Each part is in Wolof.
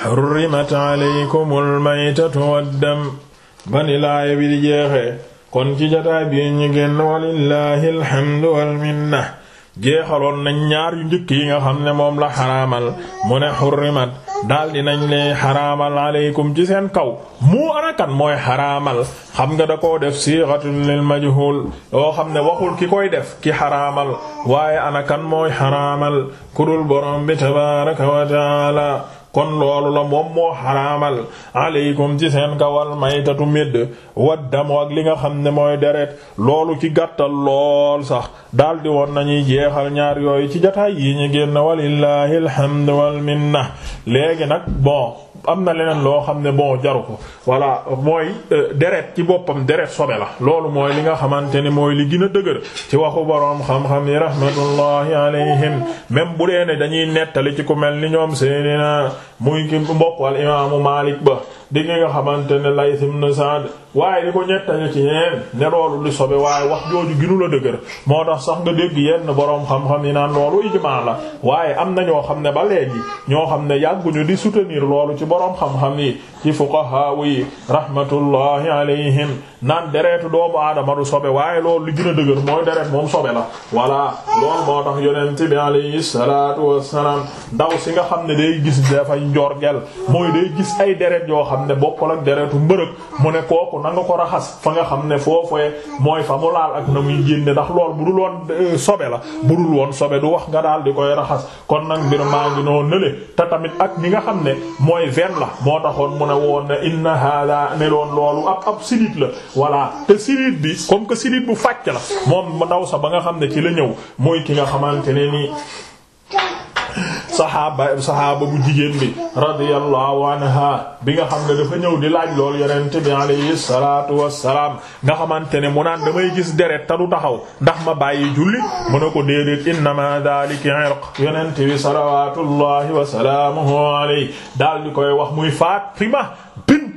xurrimat aleykumul maytatu waddam bani laaya bi di jeexee kon ci jataay bii ñu génn walillahi alhamdu wal minna nañ ñaar yu njëkk yi nga xam ne moom la xaraamal moo ne xurrimat daal dinañ leen xaraamal aleykum ci seen kaw mu arakan mooy xaraamal xam nga da koo def siixatul lil majhul yoo xam ne waxul ki koy def ki xaraamal waaye anakan mooy xaraamal kudul borom tabaaraka wa kon loolu la moom moo xaraamal aleykum ci seen kawal maytatu wa waddam ak li nga xam ne mooy deret loolu ci gàttal lool sax daldi woon nañuy jeexal ñaar yooyu ci jataay yi ñu génn walillahi alhamdu minna léegi nag bon am na leen loo xam ne bon jaru ko voilà mooy euh, deret ci boppam deret sobe la loolu mooy li nga xamante ne mooy li gën a dëgër ci waxu boroom xam-xam yi rahmatullahi alayhim même bu dee ne dañuy nettali ci ku mel ni ñoom seeni na muy ki mbokk al imaamu Maalik ba di nga xamante ne Layth ibn Sa'd waaye di ko ñettañu ci ñeen ne loolu li sobe waaye wax jooju ginu la dëgër moo tax sax nga dégg yenn boroom xam-xam yi naan loolu ijmaa la waaye am na ñoo xam ne ba yi ñoo xam ne yàgguñu di soutenir loolu ci boroom xam-xam yi ci fuqahaa yi rahmatullahi alayhim naan deretu doomu aadama du sobe waaye loolu li gën a dëgër mooy deret moom sobe la voilà loolu moo tax yonent bi alayhi salaatu wassalaam ndaw si nga xam ne day gis dafay njorgel mooy day gis ay deret yoo xam ne bokkul ak deretu mbërëg mu ne kooku na nga ko raxas fa nga xam ne foofee mooy fa mu laal ak na muy génne ndax lool bu dul woon euh, sobe la bu dul woon sobe du wax nga daal di koy raxas kon nag mbir maa ngi noo nële te tamit ak ñi nga xam ne mooy veine la moo taxoon mu ne woon ne inna loolu ab ab sidit la voilà te siriit bi comme que siriit bu fàcc la moom ndaw sa ba nga xam ne ci la ñëw mooy ki nga xamante ne nii saxaaba bu jigéen bi radiyallahu anha bi nga xam ne dafa ñëw di laaj lool yonent bi alayhi salaatu wassalaam nga xamante ne mu naan damay gis deret ta du taxaw ndax ma bàyyi julli mu ne ko déedéet innama daalika daal di koy wax muy Faatima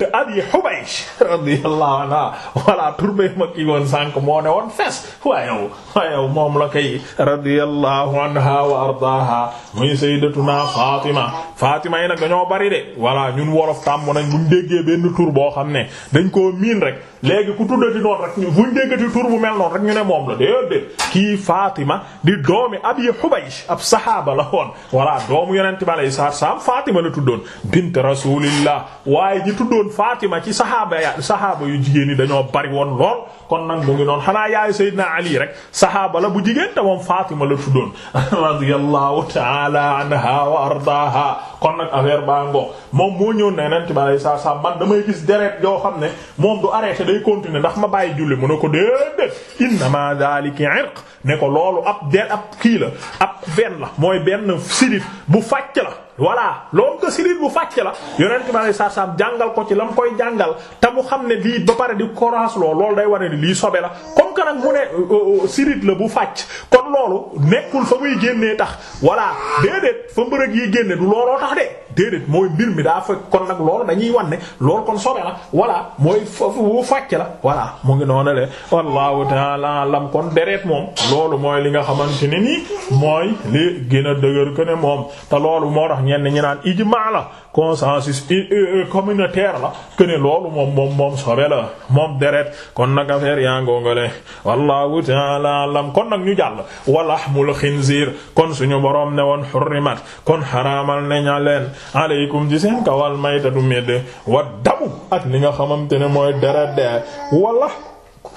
bint Abi Hubaysh radiyallahu anha voilà turbe ma kii woon sànq moo ne woon fes waayow waayow moom la kay radiyallahu anha wa ardaha muy sayyidatuna Fatima Fatima yi nag dañoo bari de voilà ñun wolof tàmm nañ buñ déggee benn tur boo xam ne dañ koo miin rek léegi ku tuddati noonu rek ñu buñ déggati tur bu mel noonu rek ñu ne moom la déedéet kii Fatima di doomi Abi Hubaysh ab sahaaba la woon voilà doomu yonente bi alayhi salaam Fatima la tuddoon bint Rasulillah waaye ji tuddoon Fatima ci saxaaba ya saxaaba yu jigéen ñi dañoo bari woon lool kon nag mu ngi noonu xanaa yaayu Seydina Ali rek saxaaba la bu jigéen te moom Fatima la tuddoon radiyallahu ta'ala anha wa ardaha kon nag affaire baa ngoo moom moo ñëw ne neen tibaale saa saa man damay gis deret yoo xam ne moom du arrêté day continuer ndax ma bàyyi julli mu ne ko déedéet innama dhalika irq ne ko loolu ab der ab kii la ab benn la mooy benn sidif bu fàcc la voilà loolu que siriit bu fàcce la yonent bi alei satu jàngal ko ci la mu koy jàngal te mu xam ne lii ba pare di koraas lool loolu day war ne lii sobe la que nag mu ne euh, euh, sirit la bu fàcc kon loolu nekkul fa muy génnee tax voilà déedéet fa mbërëg yi génne du looloo tax de déedéet mooy mbir mi daa fekk kon nag loolu dañuy wanne loolu kon sobe la voilà mooy bu fàcc la voilà mu ngi noonu le wallahu ta'ala lam moom loolu mooy li nga xamante ne nii mooy li gën a dëgër ko moom te loolu moo tax ñenn ñi naan ijmaa la consensus communautaire la la moom deret kon nag affaire yaa ngongole wallahu taala alam kon nag ñu jàll walahmul xinziir kon suñu boroom ne woon xurrimat kon xaraamal naña leen aleykum ci seen kawal maytadu medd wa ak li nga xaman ne mooy deret de wala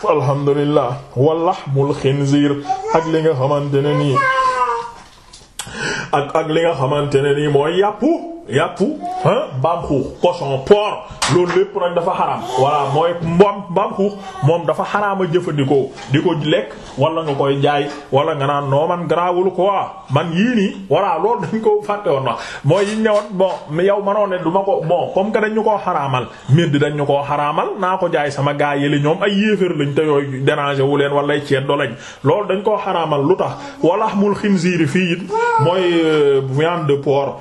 alhamdulillah walahmul xinziir ak li nga xamante ak ak li nga xamante ne nii mooy yàppu yàpp ah mbaam xuux cochon porc loolu lépp nag dafa xaraam voilà mooy mbaam mbaam xuux moom dafa xaraama jëfandikoo di ko lekk wala nga koy jaay wala nga naan noo man ko quoi man yii nii voilà loolu dañ ko fàtte woon na mooy yiñ ñëwaat bon yow manoo ne du ma ko moo comme que dañ ñu ko xaraamal medd dañ ñu koo xaraamal naa ko jaay sama gaa yële ñoom ay yéeféer lañ te yooyu déranger wu leen wala ay ceeb do lañ loolu dañ koo xaraamal lu tax wala mul euh, de porc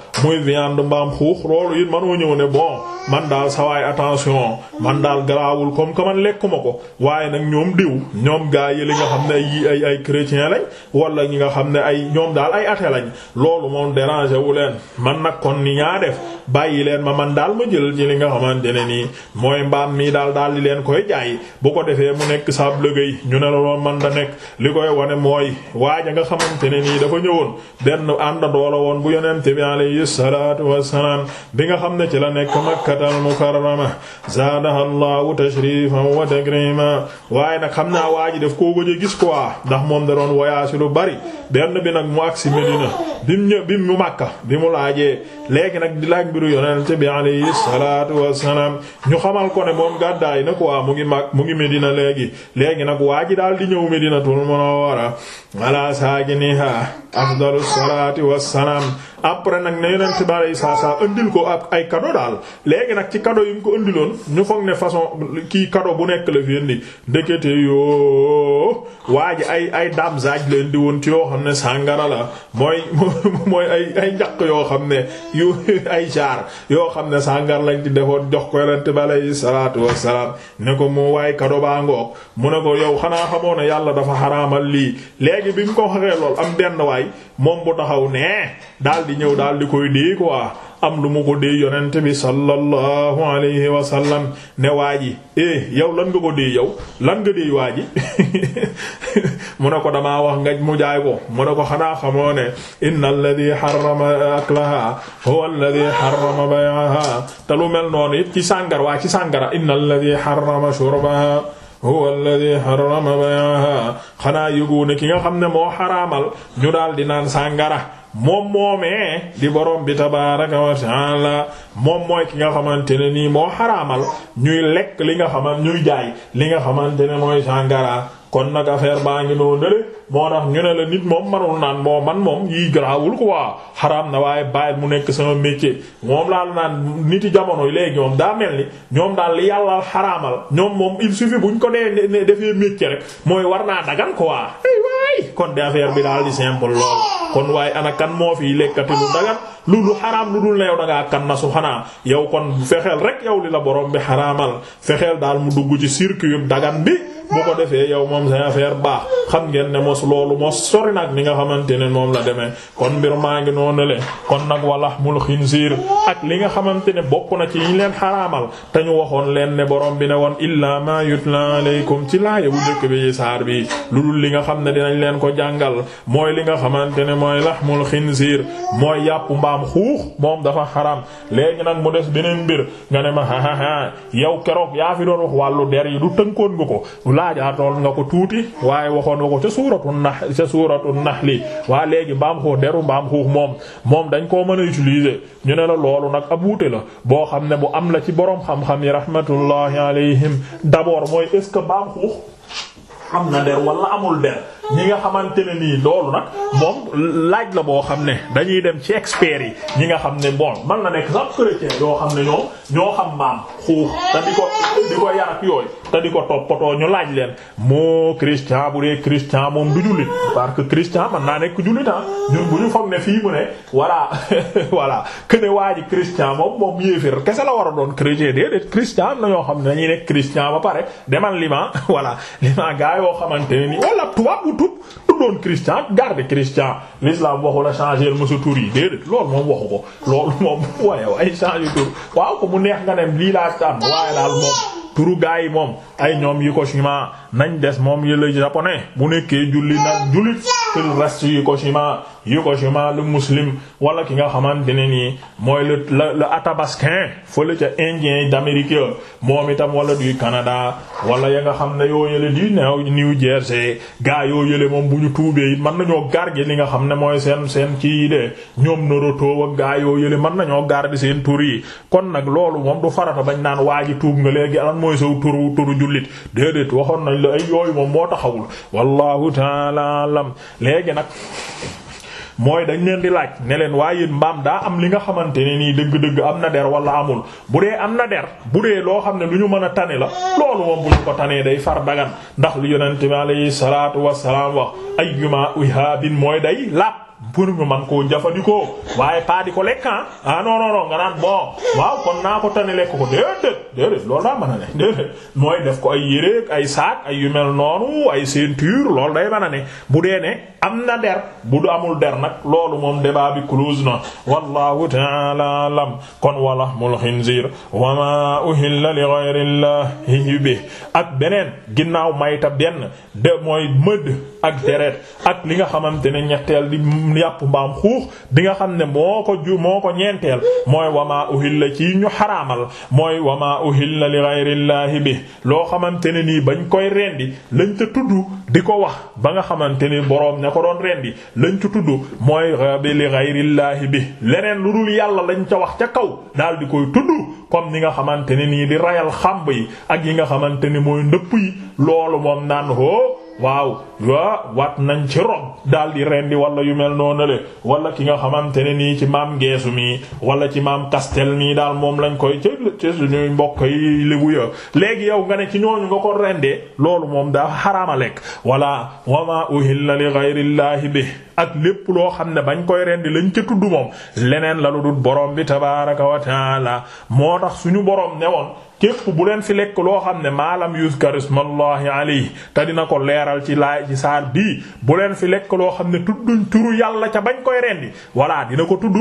mbaam xuux loolu it manoo ñëw ne bon man daal sawaay attention man daal garaawul comme que lekku ma ko waaye nag ñoom diw ñoom gaa yi li nga xam ne ay ay ay chrétien lañ wala ñi nga xam ne ay ñoom daal ay athée lañ loolu moom déranger wu leen man nag kon ni ñaa def bàyyi leen ma man daal ma jël ci li nga xamante ne nii mooy mbaam mii daal daal di leen koy jaay bu ko defee mu nekk saab lëgëy ñu ne la loolu man la nekk li koy wane mooy waaja nga xamante ne nii dafa ñëwoon benn àndandoo la woon bu yonente bi alayhi la nekk makkatal mukarrama zaadaha allahu tashrifan wa takrima waaye nag xam naa waa ji koo gëj a gis quoi ndax moom da doon voyage lu bari benn bi nag mu agsi Medina bi mu ñëw bi mu Makka bi mu laajee léegi nag di laaj mbiru yonent bi alayhi salaatu wassalaam ñu xamal ko ne moom gàddaay na quoi mu ngi mag mu ngi Medina léegi léegi nag waa ji daal di ñëw Medinatul Munawwara ala saakiniha afdalu salaati wassalaam après nag ne yonent bi alayhi salaatu andil ko ay kado daal léegi nag ci kado yi mu ko indiloon ñu foog ne façon kii cadeau bu nekk la fi indi ndekete yoo waa ji ay ay dam zaaj leen di woon ci yoo xam ne sàngara la mooy mooy ay ay njaq yoo xam ne yu ay jaar yoo xam ne sàngara lañ ci defoon jox ko yonent bi alayhi salaatu wassalaam ne ko mu waaye cadeau baa ngoog mu ne ko yow xanaa xamoo ne yàlla dafa xaraamal lii léegi bi mu ko waxee lool am benn waay moom bu taxaw nee daal ñëw daal koy dee quoi. am lu mu ko dee yonent bi sallallahu alayhi wa sallam ne waa ji eh lan nga ko lan nga dee mu ne ko dama wax nga mu jaay ko mu ne ko xanaa xamoo ne inna alladhi harrama aklaha huwa alladhi harrama bay'aha te lu mel noonu it ci sàngar waa ci sàngara inna alladhi harrama shurbaha huwa alladhi harrama bay'aha xanaa yëgoo ne ki nga xam ne moo xaraamal ñu daal di naan sàngara moom moomee di borom bi tabaaraka wa moom mooy ki nga xamante ne nii moo xaraamal ñuy lekk li nga xamante ñuy jaay li nga xamante ne mooy sàngara kon nag affaire baa ngi noo nale moo tax ñu ne la nit moom manul naan moo man moom yi garaawul ko waa xaraam na waaye bàyyil mu nekk sama métier moom laa la naan niti jamono yi léegi moom daa mel ni ñoom daal li yàlla xaraamal ñoom moom il suffit buñ ko dee defee métier rek mooy war naa dagan ko waa kon de affaire bi daal di simple lool kon waaye ana kan moo fi lekkati lu dagan lu lu xaraam lu dul ne yow da ngaa kan na su xanaa yow kon fexeel rek yow li la borom bi xaraamal fexeel daal mu dugg boo ko defee yow moom sa affaire baax xam ngeen ne mos loolu mos sori nag ni nga xamante ne moom la demee kon mbir maa ngi noonu le kon nag wala mul xinsiir ak li nga xamante ne bokk na ci yiñ leen xaraamal te ñu waxoon leen ne borom bi ne woon illaa ma yutla aleykum ci laaya bu jëkk bi saar bi lu dul li nga xam ne dinañ leen ko jàngal mooy li nga xamante ne mooy lahmul xinsiir mooy yàppu mbaam xuux moom dafa xaraam léegi nag mu des beneen mbir nga ne ma ha keroog yaa fi doon wàllu der yi du tënkoon nga ko laaj laajaatool nga ko tuuti waaye waxoon nga ko ca suuratu nax ca suuratu nax waa léegi mbaam xuux deru mbaam xuux moom moom dañ koo mën a utiliser ñu ne la loolu nag ab wuute la boo xam ne bu am la ci boroom xam-xam yi rahmatullahi alayhim d'abord mooy est-ce que mbaam xuux am na der wala amul der ñi nga xamante ne nii loolu nag moom laaj la boo xam ne dañuy dem ci experts yi ñi nga xam ne bon man na nekk sax chrétien yoo xam ne ñoom ñoo xam maam xuux te di ko di ko yooyu te di ko toppatoo ñu laaj leen moo chrétien bu dee chrétien moom du jullit parce que chrétien man naa nekk jullit ah ñun bu ñu foog ne fii mu ne voilà voilà que waa ji chrétien moom moom yéefér kese la war a doon chrétien déedéet chrétien am na ñoo xam ne dañuy nekk chrétien ba pare demal liman voilà liman gaa yoo xamante ne ni wala tubaab bu tub du christian l'islam waxu la changer ma sa tur yi déedéet loolu moom waxu ko loolu moom waaye ay changer tur waaw ko mu neex nga ne lii laa tànn waaye daal moom turu gaa yi moom ay ñoom Hikoshima nañ des moom yële japonais bu nekkee julli nag jullit fil reste Hikoshima Hikoshima le muslim wala ki nga xamante ne nii mooy le la le atabaskin fële ca indien d'Amérique moom itam wala du Canada wala ya nga xam ne yoo yële di new New Jersey gaa yoo yële moom bu ñu tuubee it mën nañoo garder li nga xam ne mooy seen seen ci yi de ñoom Naruto ak gaa yoo yële mën nañoo garder seen tur yi kon nag loolu moom du farata bañ naan jullit déedéet waxoon nañ la ay yooyu moom moo taxawul wallahu taala alam léegi nag mooy dañ leen di laaj ne leen waaye mbaam daa am li nga xamante ne nii dëgg-dëgg am na der wala amul bu dee am na der bu dee loo xam ne lu ñu mën a tane la loolu moom bu ñu ko tanee day far dagan ndax lu yonente bi alayhi salaatu wasalaam wax ayyuma ihaabin mooy day lapp pour ñu man koo jafandikoo waaye pas di ko lekk ah, ah non non nga naan bon waaw kon naa ko tane lekk ko déedéet déedéet loolu daa mën ne mooy def ko ay yéreeg ay saak ay yu noonu ay ceinture loolu day mën a ne bu dee ne am na der bu du amul der nag loolu moom débat bi close na wallahu ta'ala alam kon wala mul xinziir wa ma uhilla li ghayrillahi bi ak beneen ginnaaw mayta benn de mooy mëdd ak deret ak li nga xamante ne ñetteel di mbuum yàpp mbaam xuux bi nga xam ne moo ko ju moo ko ñeenteel mooy wamaa uhilla ci ñu xaraamal mooy wamaa uhilla li ghayrillahi bi loo xamante ne nii bañ koy rendi lañ ca tudd di ko wax ba nga xamante ni boroom ne ko doon rendi lañ ca tudd mooy li ghayrillahi bi leneen lu dul yàlla lañ ca wax ca kaw daal di koy tudd comme ni nga xamante ne nii di rayal xàmb yi ak yi nga xamante ni mooy ndëpp yi loolu moom naan hoo waaw waa wat nañ ci rob daal di rendi wala yu mel noonu le wala ki nga xamante ne nii ci maam ngeesu mii wala ci maam kastel mi daal moom lañ koy ci ci suñuy mbokk yi lébu ya léegi yow nga ne ci ñooñu nga ko rendee loolu moom daa xaraama lekk wala wama uhilla li ghayrillahi bi ak lépp loo xam ne bañ koy rendi lañ ci tudd moom leneen la lu dul borom bi tabaaraka wa taala moo tax suñu borom ne woon képp bu leen fi lekk loo xam ne maalam yuzkar ismallahi alayhi te dina ko leeral ci laay ci saar bii bu leen fi lekk loo xam ne tudduñ turu yàlla ca bañ koy rendi voilà dina ko tudd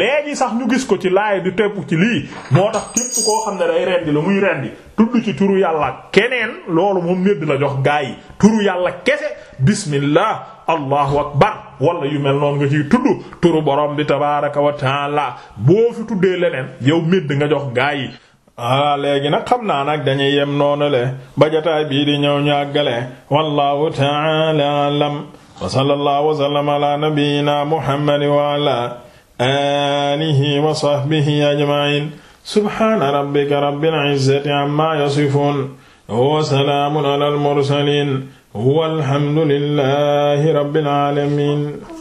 léegi sax ñu gis ko ci laay du tepp ci lii moo tax képp koo xam ne day rendi la muy rendi tudd ci turu yàlla keneen loolu moom nédd la jox gaa yi turu yàlla kese bismillah allahu akbar wala yu mel noonu nga ciy tudd turu borom bi tabaraka wa taala boo fi tuddee leneen yow médd nga jox gaa yi ah léegi nag xam naa nag dañuy yem noonu le ba jotaay bii di ñëw ñu àggale wallahu ta'ala alam wa sallallahu wa sallama ala nabiyyina muhammad wa ala alihi wa sahbihi ajma'in subhana rabbika rabbil izzati amma yasifun wa salamun ala al mursalin walhamdulillahi rabbil alamin